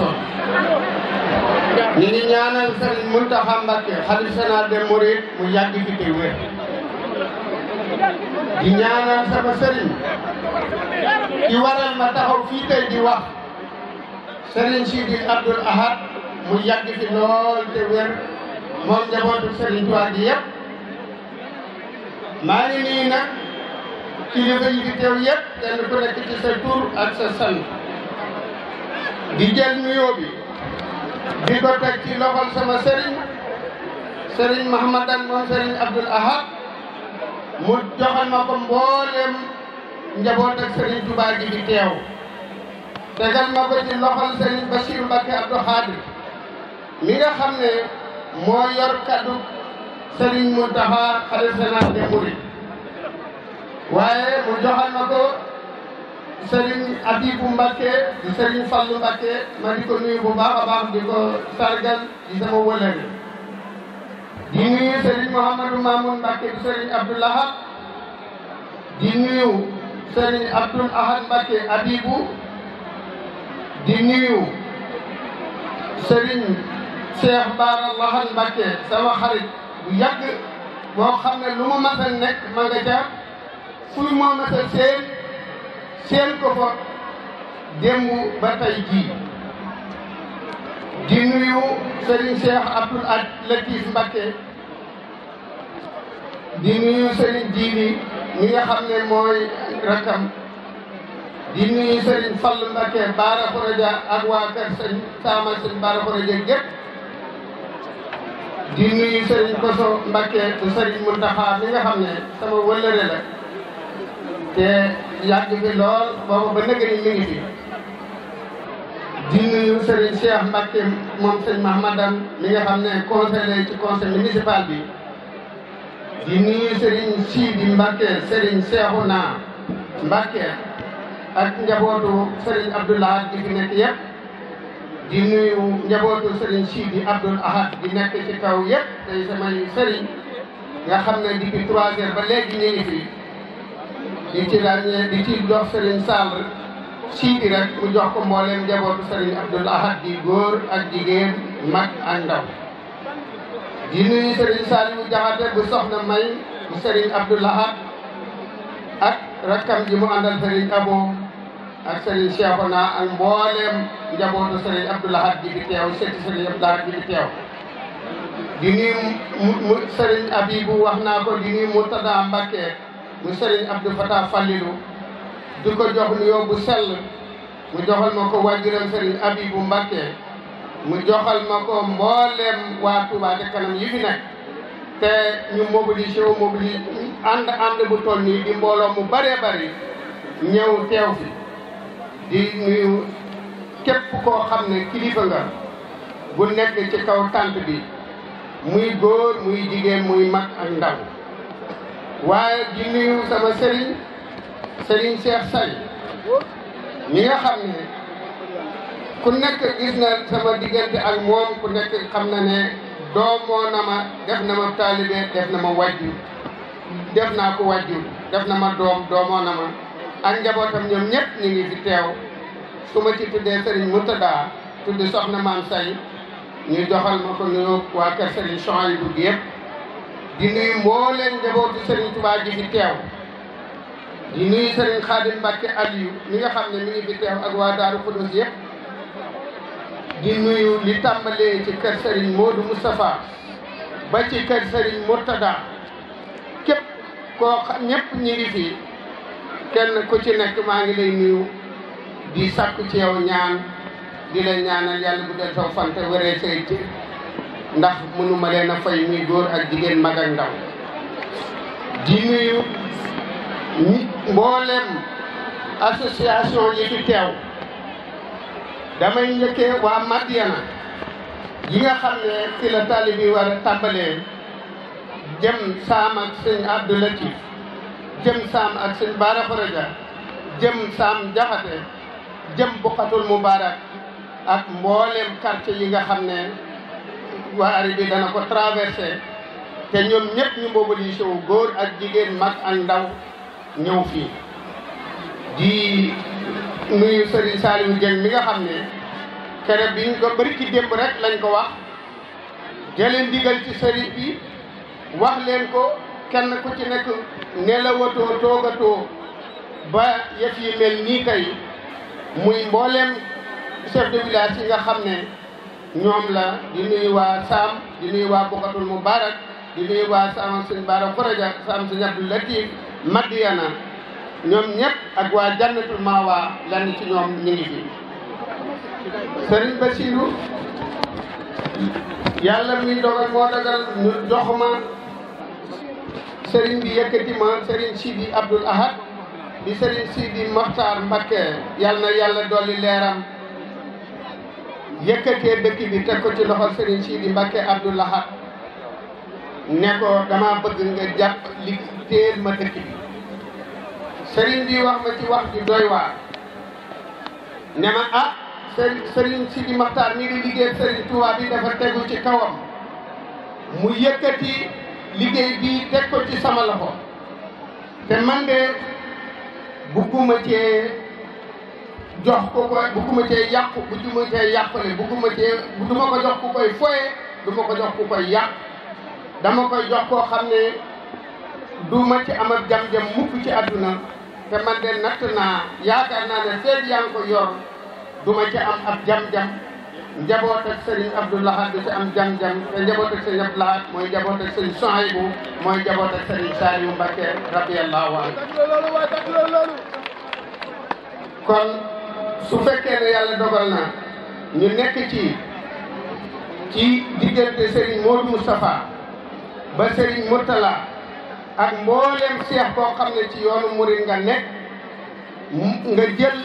personnes. ñu ngi ñaanal sëriñ Mountakha Mbacké xalifa général des mourides mu yàgg fi te wér. di ñaanal sama sëriñ di waral ma taxaw fii tey di wax sëriñ Sidi Abdoul Ahad mu yàgg fi lool te wér moom njabootu sëriñ Tuubaa gi yëpp. maa ngi nii nag kilifa yi fi ku nekk ci sa tur ak sa sant. di jël nuyoo bi di ko loxol sama sëriñ sëriñ Mahamadan moom sëriñ Abdul Ahad mu joxal ma ko mboolem njaboot ak sëriñ Tuubaa gi di teew tegal ma ko ci loxol sëriñ Bachir Mbacke Abdou Khadir mi nga xam ne moo yor kaddu sëriñ Mountakha xalifa général des mourides waaye mu joxal ma ko Serigne Abibou Mbacke di Serigne Fallou Mbacke ma di ko nuyu bu baax a baax di ko sargal di sama di nuyu Serigne Mouhamadou Mamoun Mbacke di Serigne Abdoul di nuyu Serigne Abdoul Ahad di nuyu Serigne Cheikh Bara Lahad Mbacke sama xarit bu yàgg boo xam ma mas ma nga ca fuy moo seen seen ko fa démb ba tey jii di nuyu Serigne Cheikh Abdoul Ad Latif Mbacké di nuyu Serigne Djili mi xam ne mooy rakam di nuyu Serigne Fall Mbacké Baara Foroja ak waa kër Serigne Saama Serigne Baara Foroja gépp Koso Mbacké bu Serigne Mountakha mi ne sama wëllëre la te yàgg fi lool boobu ba nëgg ni mi ngi fi di nuyu Serigne Cheikh Mbacke moom sëñ Mahmadan mi nga xam ne conseiller ci conseil municipal bi di nuyu Serigne Sidi Mbacke Serigne Cheikhouna Mbacke ak njabootu Serigne Abdoulaye di fi nekk yëpp di nuyu njabootu Serigne Sidi Abdoul Ahad di nekk ci kaw yëpp tey samay Serigne nga xam ne depuis trois heures ba léegi ñu ngi fi. di ci ràññee di ci jox Serigne Sall siiti rek mu jox ko mbooleem njabootu Serigne Abdoul di góor ak jigéen mag ak di nuyu Serigne Sall bu jaxate bu soxna may bu Serigne Abdoul ak rakkam ji mu àndal Serigne Abo ak Serigne Cheikhouna ak mbooleem njabootu Serigne Abdoul Ahad ji bi teew di nuyu mu Serigne Abibou wax naa ko di nuyu Murtada Mbacké mu sëriñ Abdou Fatah Fallilu di ko jox nuyoo bu sell mu joxal ma ko waajuram sëriñ Abibu Mbàkke mu joxal ma ko mbooleem waa Touba Ca yi fi nekk te ñu mobilisé wu mobilisé ànd ànd bu toll nii di mbooloo mu bëree bëri ñëw teew fi di nuyu képp koo xam ne kilifa nga bu nekk ci kaw tànt bi muy góor muy jigéen muy mag ndaw waaye di nuyu sama sëriñ sëriñ Cheikh Sall mi nga xam ne ku nekk gis na sama diggante ak moom ku nekk xam na ne doomoo na ma def na ma taalibe def na ma wàjju def naa ko wàjju def na ma doom doomoo na ma ak njabootam ñoom ñépp ñu ngi fi teew su ma ci tuddee sëriñ Murtada tuddi soxna maam say ñu joxal ma ko nuyoo waa kër sëriñ Souhaïbou bi yëpp di nuyu mbooleen njabootu Serigne Touba ji fi teew di nuyu Serigne Khadim Mbacke Aliou mi nga xam ne mi ngi fi teew ak waa Daaru Xudoos yëpp di nuyu li tàmbalee ci kër Serigne Modou ba ci kër Serigne Mourtada képp koo xam ñi ngi kenn ku ci nekk maa ngi lay nuyu di sakku ci yow ñaan di la ñaanal yàlla bu del saw fante wéree say ndax mënuma leen a fay muy góor ak jigéen mag ak ndaw mboolem association yi fi teew damay njëkkee waa Madiana yi nga xam ne ci la taalib yi war a tàmbalee jëm saam ak sëñ Abdou jëm saam ak sëñ Bara Faraja jëm saam Jaxate jëm Buqatul Mubarak ak mboolem quartier yi nga xam ne waar bi dana ko traversé te ñoom ñëpp ñu mobilisé wu góor ak jigéen mag ak ndaw ñëw fii di nuyu Serigne Saliou Dieng mi nga xam ne kere bi ko bëri ci démb rek lañ ko wax jëlee ndigal ci Serigne bi wax leen ko kenn ku ci nekk nelawatoo toogatoo ba yëf yi mel nii kay muy mbooleem chef de village yi nga xam ne ñoom la di nuyu waa Saam di nuyu waa Bukatul Mubarak di nuyu waa Saam Sëñ Baara Faraja Saam Sëñ Abdul Latif Madiyana ñoom ñëpp ak waa Jannatul Mawa lenn ci ñoom ñu ngi fi. Sëriñ Basiru yàlla mi dogal moo dogal ñu jox ma sëriñ bi yëkkati ma sëriñ Sidi Abdul Ahad di sëriñ Sidi Moxtaar Mbakke yàlla na yàlla dolli leeram. yëkkatee dëkk bi teg ko ci loxol Serigne Sidi Mbacke Abdou Lahad ne ko dama bëgg nga jàpp li téel ma dëkk bi Serigne bi wax ma ci wax ju doy waar ne ma ah Serigne Sidi Maxtaar mi ngi liggéey Serigne Touba bi dafa tegu ci kawam mu yëkkati liggéey bi teg ko ci sama loxo te man de bugguma cee jox ko ko bugguma cee yàq bugguma cee yàqale bugguma cee du ma ko jox ku koy foye du ma ko jox ku koy yàq dama koy jox koo xam ne du ma ci am ak jam-jam mukk ci àdduna te man de natt naa yaakaar naa ne seet yaa ngi ko yor du ma ci am ab jam-jam njaboot ak Serigne Abdou Lahad du ci am jam-jam te njaboot ak Serigne Abdou Lahad mooy njaboot ak Serigne Souhaïbou mooy njaboot ak Serigne Saliou Mbacké radiyallahu anhu kon su fekkee ne yàlla na ñu nekk ci ci diggante Serigne Modou Moustapha ba Serigne Mourtala ak mbooleem seex koo xam ne ci yoonu murid nga nekk nga jël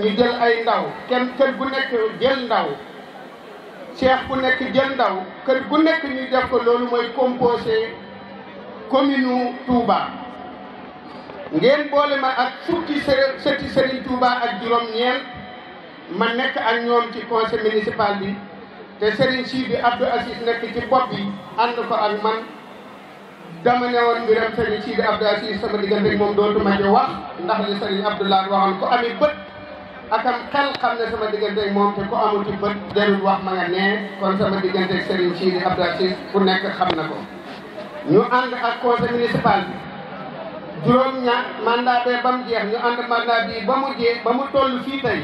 ñu jël ay ndaw kenn kër gu nekk jël ndaw seex bu nekk jël ndaw kër gu nekk ñu def ko loolu mooy composé commune ngeen boole ma ak fukki së sëti Serigne Touba ak juróom-ñeent ma nekk ak ñoom ci conseil municipal bi te Serigne Sidi Abdou Aziz nekk ci bopp bi ànd ko ak man dama ne woon mbiram Serigne Sidi Abdou Aziz sama diggante moom dootuma ci wax ndax li Serigne Abdoulaye waxoon ko amee bët akam xel xam ne sama diggante moom te ko amul ci bët jarul wax ma nga nee kon sama diggante Serigne Sidi Abdou Aziz ku nekk xam na ko ñu ànd ak conseil municipal bi. juróom ñaar mandat bee ba mu jeex ñu ànd mandat bii ba mu jeex ba mu toll fii tey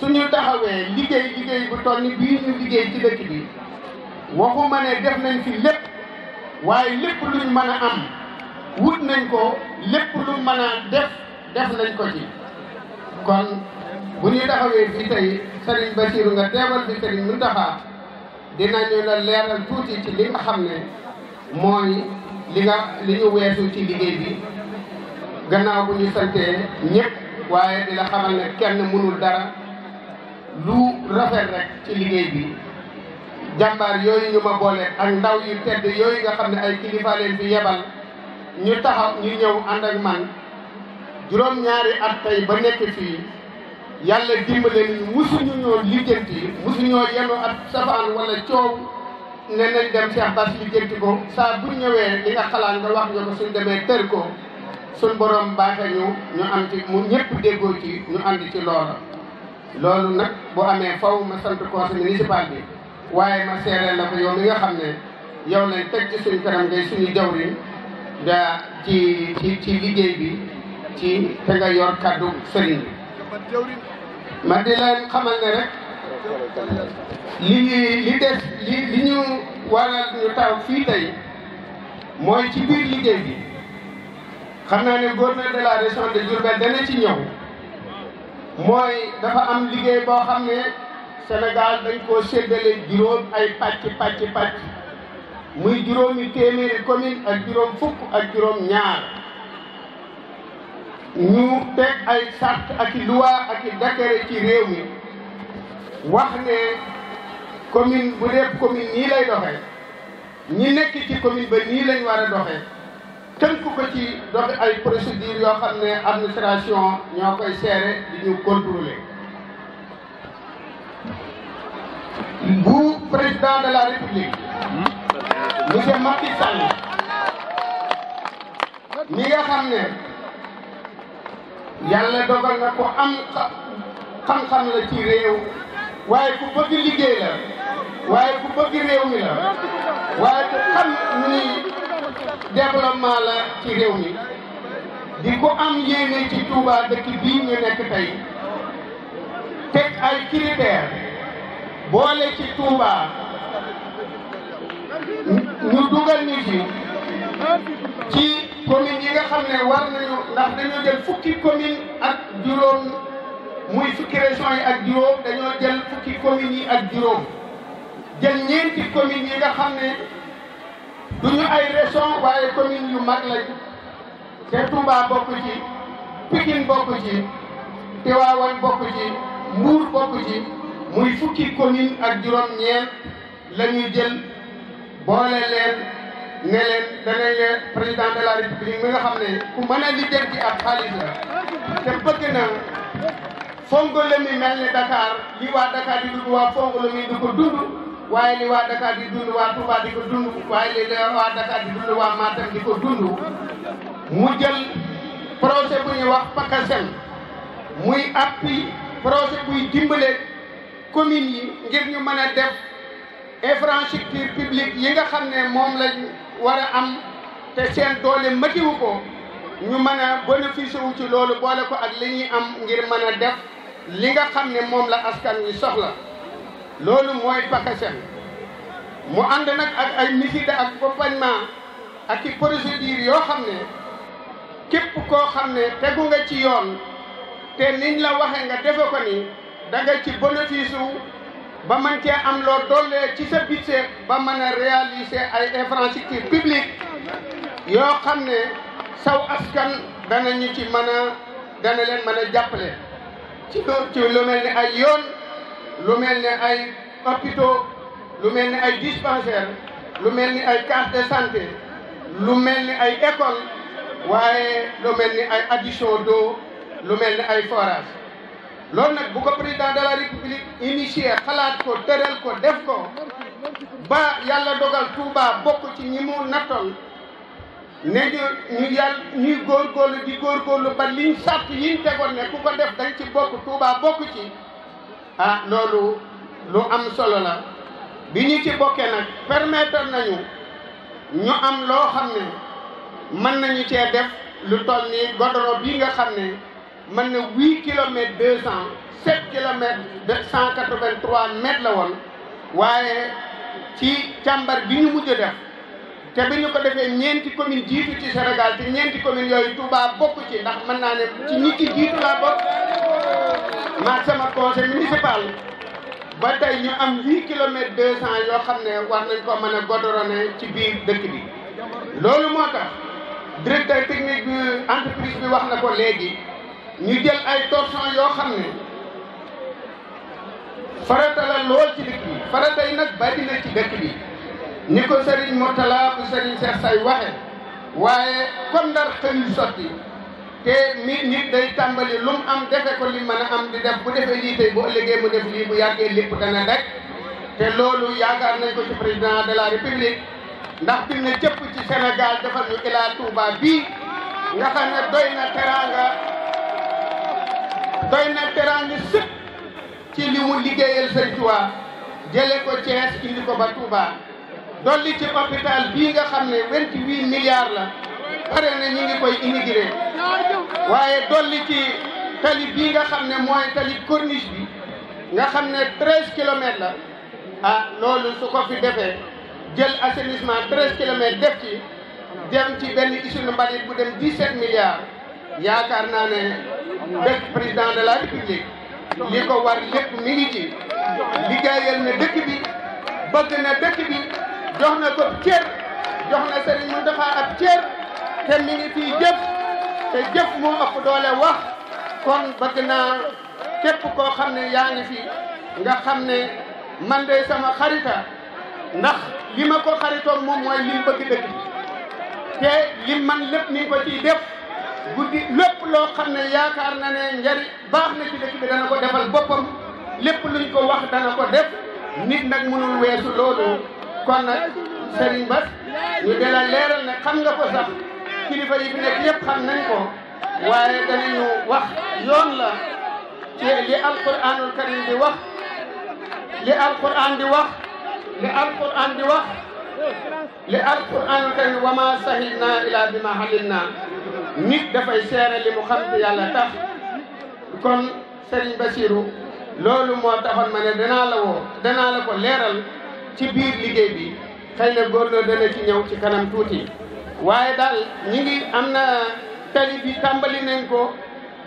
suñu taxawee liggéey liggéey bu toll ni bii ñu liggéey ci dëkk bi waxuma ne def nañ fi lépp waaye lépp luñ mën a am wut nañ ko lépp lu mën a def def nañ ko ci kon bu ñu taxawee fii tey Serigne Bassirou nga teewal fi Serigne Mountakha dinañu la leeral tuuti ci li nga ne mooy li nga li ñu ci liggéey bi gannaaw bu ñu santee ñëpp waaye di la xamal ne kenn mënul dara lu rafet ci liggéey bi jàmbaar yooyu ñu ma boole ak ndaw yu tedd yooyu nga xam ne ay kilifa leen yebal ñu taxaw ñu ñëw ànd ak man juróom-ñaari at ba nekk fii yàlla dimbale musuñu ñoo lijjanti musuñoo yenu at safaan wala coow ne nañ dem Cheikh Bass li jënti ko saa bu ñëwee li nga xalaat nga wax nga ko suñ demee tër ko suñ borom baaxe ñu ñu am ci mu ñëpp déggoo ci ñu andi ci loola loolu nag boo amee faw ma sant conseil municipal bi waaye ma seeree la ko yow mi nga xam ne yow lañ teg ci suñ kanam ngay suñu jawriñ da ci ci ci liggéey bi ci te nga yor kàddu sëriñ bi ma di leen xamal ne rek li li des li li ñu waral ñu taw fii tey mooy ci biir liggéey bi xam naa ne gouverneur de la région de Diourbel dana ci ñëw mooy dafa am liggéey boo xam ne Sénégal dañ koo séddale juróom ay pacc pàcc pàcc muy juróomi téeméeri commune ak juróom fukk ak juróom ñaar ñu teg ay sart ak i loi ak i décret ci réew mi wax ne commune bu dee commune nii lay doxee ñi nekk ci commune ba nii lañ war a doxee tënk ko ci dox ay procédure yoo xam ne administration ñoo koy seere di ñu contrôler bu président de la république monsieur Macky Sall mi xam ne yàlla dogal na ko am xam-xam la ci réew waaye ku bëgg liggéey la waaye ku bëgg réew mi la waaye ku xam ni développement ci réew mi di ko am yéene ci Touba dëkk bii ñu nekk tey teg ay critères boole ci Touba ñu dugal ñu ci ci commune yi nga xam ne war nañu ndax dañoo jël fukki commune ak juróom muy fukki régions yi ak juróom dañoo jël fukki communes yi ak juróom jël ñeenti communes yi nga xam ne duñu ay régions waaye communes yu mag lañ te Touba bokk ci Pikine bokk ci Tivaouane muy fukki commune ak juróom-ñeent la ñuy jël boole leen. ne leen danañ leen président de la république mi nga xam ne ku mën a liggéey fongola mi mel ne Dakar li waa Dakar di dund waa fongola mi di ko dund waaye li waa Dakar di dund waa Touba di ko dund waaye li waa Dakar di dund waa Matam di ko dund mu jël projet bu ñuy wax PACASEN muy appui projet buy dimbale communes yi ñu mën a def infrastructure publique yi nga xam ne moom lañ war am te seen doole matiwu ko ñu mën a bénéficier wu ci loolu boole ko ak li ñuy am ngir mën a def li nga xam ne moom la askan wi soxla loolu mooy PACASEN mu ànd nag ak ay mesures d'accompagnement ak i procédures yoo xam ne képp koo xam ne tegu nga ci yoon te niñ la waxe nga defe ko ni da nga ci bénéfice ba man cee am loo dollee ci sa ba mën a réaliser ay infrastructures publiques yoo xam ne saw askan dana ñu ci mën a dana leen mën a jàppale ci ci lu mel ni ay yoon lu mel ni ay hôpitaux lu mel ni ay dispensaires lu mel ni ay case de santé lu mel ni ay école waaye lu mel ni ay adduction d'eau lu mel ni ay forage loolu nag bu ko président de la république initié xalaat ko tëral ko def ko ba yàlla dogal Touba bokk ci ñi mu nattoon ne ñu ñu yàlla ñuy góorgóorlu di góorgóorlu ba liñ sàtt yiñ tegoon ne ku ko def dañ ci bokk Touba bokk ci a ah, loolu lu am solo la bi ñu ci bokkee nag permettre nañu ñu am loo xam ne mën nañu cee def lu toll nii godoro bii nga xam ne man na huit kilomètres deux cent sept kilomètres deux cent quatre-vingt-trois mètres la woon waaye ci càmbar bi ñu mujj def te bi ñu ko defee ñeenti commune jiitu ci Sénégal te ñeenti commune yooyu Touba bokk ci ndax mën naa ne ci ñi ci jiitu laa bokk maa sama conseil municipal ba tey ñu am huit kilomètres deux cent yoo xam ne war nañ ko mën a goudronner ci biir dëkk bi loolu moo tax directeur technique bi entreprise bi wax na ko léegi ñu jël ay torsion yoo xam ne farata la lool ci dëkk bi farata yi nag bari na ci dëkk bi ni ko sëriñ Mourtala bu sëriñ Cheikh Say waxe waaye comme ndar xëyul sotti te mi nit day tàmbali lu am defe ko li mën a am di def bu defee lii tey bu ëllëgee mu def lii bu yàggee lépp dana rek te loolu yaakaar nañ ko ci président de la république ndax fi ne cëpp ci Sénégal dafa ñu Ila Touba bii nga doy na teraanga doy na teraanga sëpp ci li mu liggéeyal Sëriñ jële ko Thiès indi ko ba Touba dolli ci hôpital bii nga xam ne vingt-huit milliards la pare na ñu ngi koy inauguré waaye dolli ci tali bii nga xam ne mooy tali corniche bi nga xam ne treize kilomètres la ah loolu su ko fi defee jël assainissement treize kilomètres def ci dem ci benn usine mbalit bu dem dix-sept milliards yaakaar naa ne dëkk président de la république li ko war lépp mi ngi ci liggéeyal na dëkk bi bëgg na dëkk bi jox na ko cër jox na Serigne Mountakha ab cër te mi ngi fii jëf te jëf moo ëpp doole wax kon bëgg naa képp ko xam ne yaa ngi fi nga xam ne man de sama xarita ndax li ma ko xaritoon moom mooy lim bëgg dëgg te lim man lépp mi ko ciy def guddi lépp loo xam ne yaakaar na ne njariñ baax na ci dëkk bi dana ko defal boppam lépp luñ ko wax dana ko def nit nag mënul weesu loolu kon sëriñ Bas ñu de la leeral ne xam nga ko sax kilifa yi fi nekk yëpp xam nañ ko waaye danañu wax yoon la ci li alquranul karim di wax li alquran di wax li alquran di wax li wa ma sahilna ila bi ma halilna nit dafay seere li mu xam te yàlla tax kon sëriñ Basiru loolu moo taxoon ma ne danaa la woo ko leeral ci biir liggéey bi xëy na góorloo dana ci ñëw ci kanam tuuti waaye daal ñi ngi am na tali bi tàmbali nañ ko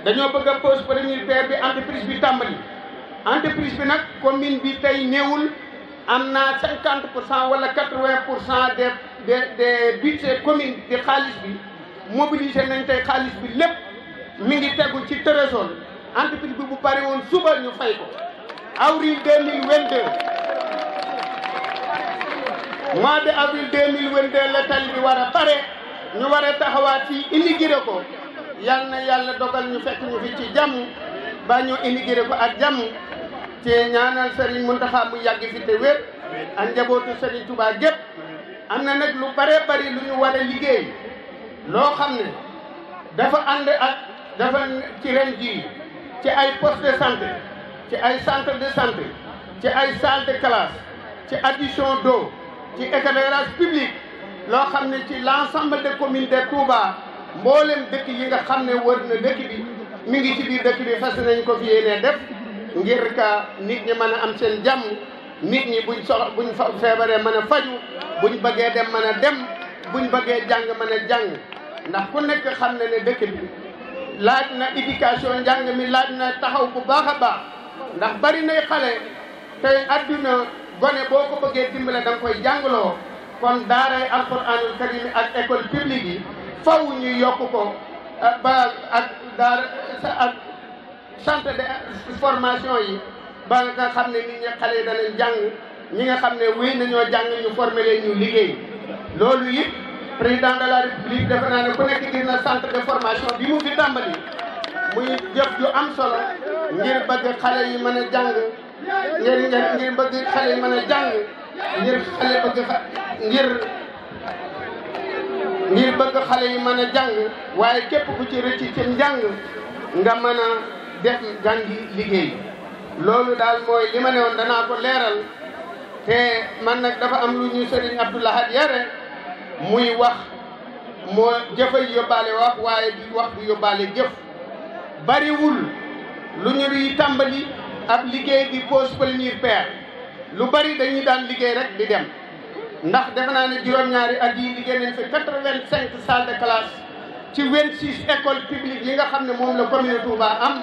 dañoo bëgg a pose première pierre bi entreprise bi tàmbali entreprise bi nag commune bi tey néewul am na cinquante pour cent wala quatre vingt pour cent des des des budget commune di xaalis bi mobilisé nañ tey xaalis bi lépp mi ngi tegu ci trésor entreprise bi bu pare woon suba ñu fay ko avril deux mille vingt deux mois de avril 2022 la tali bi war a pare ñu war a taxawaat fii inauguré ko yal na yàlla dogal ñu fekk ñu fi ci jàmm ba ñu inauguré ko ak jàmm te ñaanal Serigne Mountakha mu yàgg fi te wér ak njabootu Serigne Touba gépp am na nag lu bare bari lu ñu war a liggéey loo xam ne dafa ànd ak dafa ci ren jii ci ay poste de santé ci ay centre de santé ci ay salle de classe ci addition d'eau ci éclairage public loo xam ne ci l' ensemble des communes de Touba mboolem dëkk yi nga xam ne wër na dëkk bi mi ngi ci biir dëkk bi fas nañ ko fi yéene def ngir ka nit ñi mën a am seen jàmm nit ñi buñ soxla buñ feebaree mën a faju buñ bëggee dem mën a dem buñ bëggee jàng mën a jàng ndax ku nekk xam ne ne dëkk bi laaj na éducation njàng mi laaj na taxaw bu baax a baax ndax bari nay xale tey adduna gone boo ko bëggee dimbale da nga koy jàngloo kon daaray alquranul karim ak école publique yi faw ñu yokk ko euh, ba ak daara ak centre de formation yi ba nga xam ne nit ñi xale yi danañ jàng ñi nga xam ne wéy nañoo jàng ñu formé leen ñu liggéey loolu it président de la république defe naa ne ku nekk gis na centre de formation bi mu fi tàmbali muy jëf ju am solo ngir bëgg xale yi mën a jàng ngir ngir bëgg xale mën a jàng ngir xale bëgg xa ngir ngir bëgg xale yi mën a jàng waaye képp ku ci rëcc ci njàng nga mën a def jàngi liggéey loolu daal mooy li woon danaa ko leeral te man nag dafa am lu ñuy sëriñ Abdoulahad yare muy wax moo jëfay yóbbaale wax waaye di wax du yóbbaale jëf bariwul lu ñu di tàmbali ab liggéey di pose plénière paire lu bari dañuy daan liggéey rek di dem ndax def naa ne juróom-ñaari at yi liggéey nañ fi quatre-vingt-cinq salles de classe ci vingt-six écoles publiques yi nga xam ne moom la commune Touba am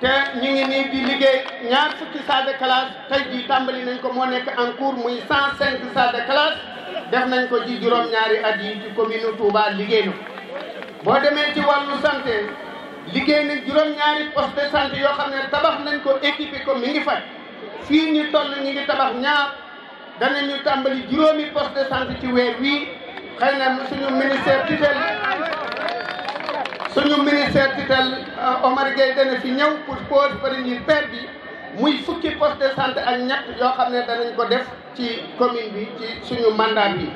te ñu ngi nii di liggéey ñaar fukki salle de classe tey jii tàmbali nañ ko moo nekk en cours muy cent cinq salle de classe def nañ ko ci juróom-ñaari at yi ci commune Touba liggéey na boo demee ci wàllu santé liggéey nañ juróom-ñaari poste de santé yoo xam ne tabax nañ ko équipe ko mi ngi faj fii ñu toll ñu ngi tabax ñaar danañu tàmbali juróomi poste de santé ci weer wii xëy na suñu ministère tutelle suñu ministère tutelle euh, Omar Gueye dana fi ñëw pour pose première pierre bi muy fukki poste de santé ak ñett yoo xam ne danañ ko def ci commune bi ci suñu mandat bi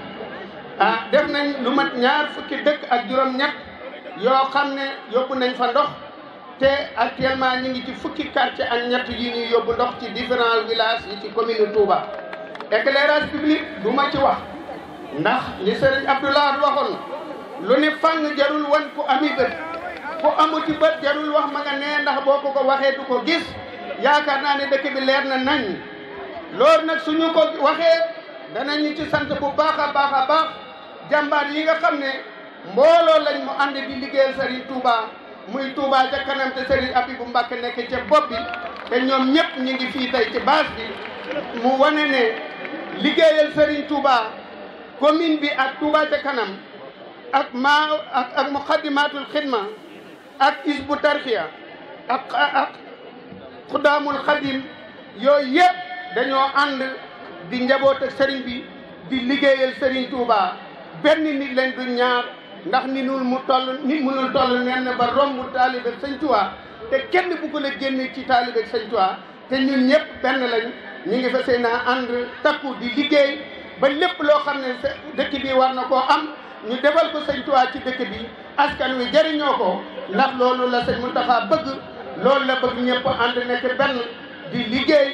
ah def nañ lu mat ñaar fukki dëkk ak juróom-ñett. yoo xam ne yóbbu nañ fa ndox te actuellement ñu ngi ci fukki quartier ak ñett yi ñuy yóbbu ndox ci différents villages yi ci commune Touba. éclairage public du ma ci wax ndax li Serigne Abdoulaye waxoon lu ne fang jarul wan ku ami bët ku amuti bët jarul wax ma nga ndax boo ko ko waxee du ko gis yaakaar naa ne dëkk bi na nañ loolu nag suñu ko waxee danañu ci sant bu baax a baax a jàmbaar yi nga xam ne. mbooloo lañ mu ànd di liggéeyal Serigne Touba muy Touba ca kanam te Serigne Abibou Mbacké nekk ca bopp bi te ñoom ñëpp ñu ngi fii tey ci base bi mu wane ne liggéeyal Serigne Touba commune bi ak Touba ca kanam ak maa ak ak muqaddimatul xidma ak isbu tarxiya ak ak xudaamul xadim yooyu yëpp dañoo ànd di njaboote ak sëriñ bi di liggéeyel sëriñ Touba benn nit lañ du ñaar ndax ni nul mu toll ni munul toll nen ba romb taalibe sëñ Tuubaa te kenn bu ko la génne ci taalibe sëñ Tuubaa te ñun ñëpp benn lañ ñu ngi fas yéene ànd takku di liggéey ba lépp loo xam ne dëkk bi war na koo am ñu defal ko sëñ Tuubaa ci dëkk bi askan wi jariñoo ko ndax loolu la sëñ Moustapha bëgg loolu la bëgg ñëpp ànd nekk benn di liggéey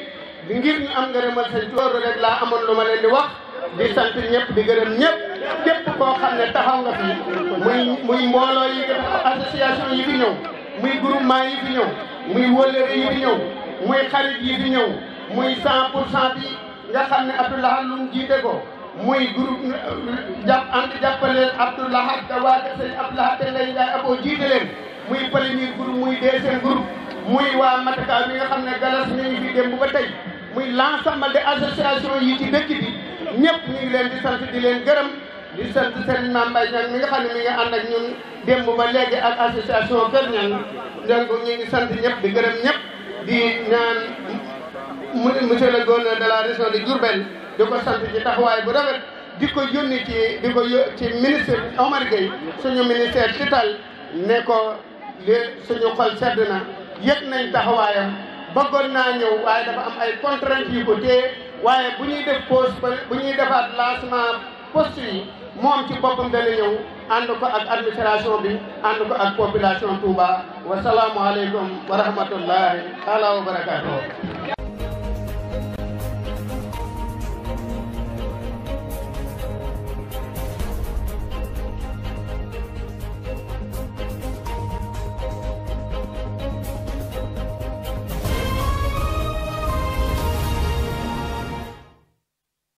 di ngir ñu am ngërëmal sëñ Tuubaa rek laa amoon lu ma leen di wax di sant ñëpp di gërëm ñëpp képp koo xam ne taxaw nga fi muy muy mbooloo yi association yi fi ñëw muy groupement yi fi ñëw muy wëllëre yi fi ñëw muy xarit yi fi ñëw muy cent pour cent bi nga xam ne Abdoulaye lu jiite ko muy groupe jàpp ànd jàppaleen Abdoulaye da waa te ngay jaay aboo jiite leen muy premier groupe muy deuxième groupe muy waa Mataka bi nga xam ne galas nañu fi dem bu ba tey muy l'ensemble des associations yi ci ñëpp ñu leen di sant di leen gërëm di sant seen Mame Mbaye Niang mi nga xam ne mi ngi ànd ak ñun démb ba léegi ak association Kër Niang donc ñu ngi sant ñëpp di gërëm ñëpp di ñaan monsieur le gouverneur de la région de Diourbel di ko sant ci taxawaay bu rafet di ko yónni ci di ko ci ministre Omar Gueye suñu ministère tital ne ko li suñu xol sedd na yëg nañ taxawaayam bëggoon naa ñëw waaye dafa am ay contraintes yu ko téye waaye bu ñuy def pause ba bu ñuy defaat lancement poste moom ci boppam dana ñëw ànd ko ak administration bi ànd ko ak population Touba wasalaamualeykum wa rahmatullahi taala wa barakaatu